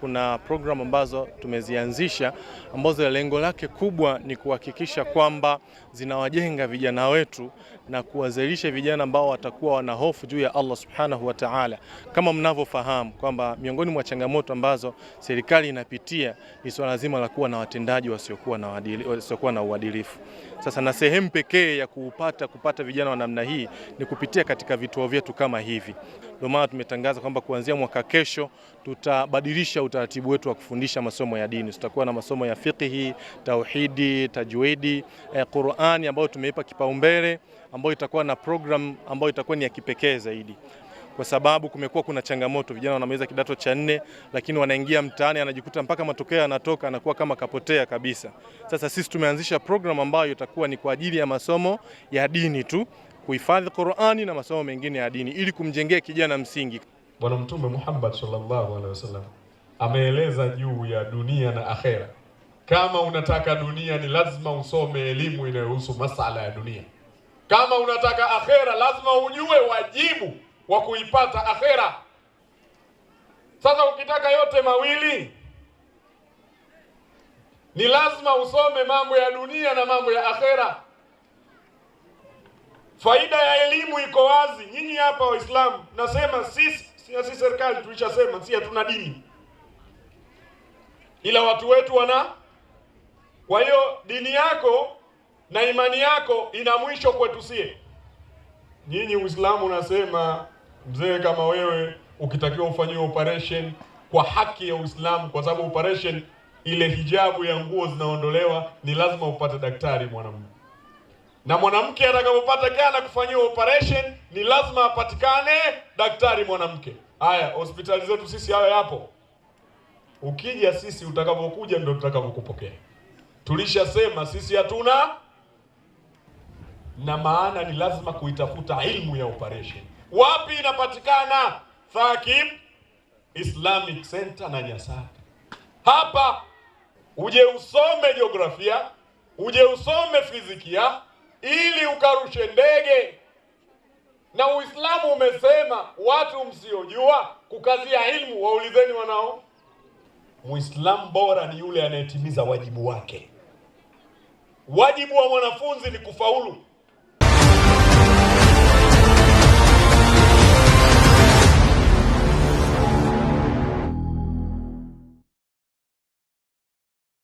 Kuna programu ambazo tumezianzisha ambazo lengo lake kubwa ni kuhakikisha kwamba zinawajenga vijana wetu na kuwazalisha vijana ambao watakuwa wana hofu juu ya Allah Subhanahu wa Ta'ala. Kama mnavyofahamu kwamba miongoni mwa changamoto ambazo serikali inapitia ni swala zima la kuwa na watendaji wasiokuwa na uadilifu, wasiokuwa na uadilifu. Sasa na sehemu pekee ya kupata kupata vijana wa namna hii ni kupitia katika vituo vyetu kama hivi. Ndio maana tumetangaza kwamba kuanzia mwaka kesho tutabadilisha utaratibu wetu wa kufundisha masomo ya dini. Tutakuwa na masomo ya fiqhi, tauhidi, tajwidi, eh, Qur'ani ambayo tumeipa kipaumbele, ambayo itakuwa na program ambayo itakuwa ni ya kipekee zaidi kwa sababu kumekuwa kuna changamoto, vijana wanamaliza kidato cha nne, lakini wanaingia mtaani, anajikuta mpaka matokeo yanatoka, anakuwa kama kapotea kabisa. Sasa sisi tumeanzisha program ambayo itakuwa ni kwa ajili ya masomo ya dini tu kuhifadhi Qur'ani na masomo mengine ya dini ili kumjengea kijana msingi. Bwana Mtume Muhammad sallallahu alaihi wasallam ameeleza juu ya dunia na akhera. Kama unataka dunia, ni lazima usome elimu inayohusu masala ya dunia. Kama unataka akhera, lazima ujue wajibu wa kuipata akhera. Sasa ukitaka yote mawili, ni lazima usome mambo ya dunia na mambo ya akhera. Faida ya elimu iko wazi. Nyinyi hapa Waislamu nasema sisi si serikali tulishasema, si hatuna dini, ila watu wetu wana. Kwa hiyo dini yako na imani yako ina mwisho kwetu sie. Nyinyi Uislamu unasema mzee kama wewe ukitakiwa ufanyiwe operation kwa haki ya Uislamu, kwa sababu operation ile hijabu ya nguo zinaondolewa, ni lazima upate daktari mwanamume na mwanamke atakapopatikana kufanyiwa operation ni lazima apatikane daktari mwanamke. Haya, hospitali zetu sisi hayo yapo. Ukija sisi, utakapokuja ndio tutakavyokupokea. Tulishasema sisi hatuna na maana, ni lazima kuitafuta ilmu ya operation. Wapi inapatikana? Thakim Islamic Center na Nyasaka Hapa uje usome jiografia, uje usome fizikia ili ukarushe ndege. Na Uislamu umesema watu msiojua kukazia ilmu, waulizeni wanao. Muislamu bora ni yule anayetimiza wajibu wake. Wajibu wa mwanafunzi ni kufaulu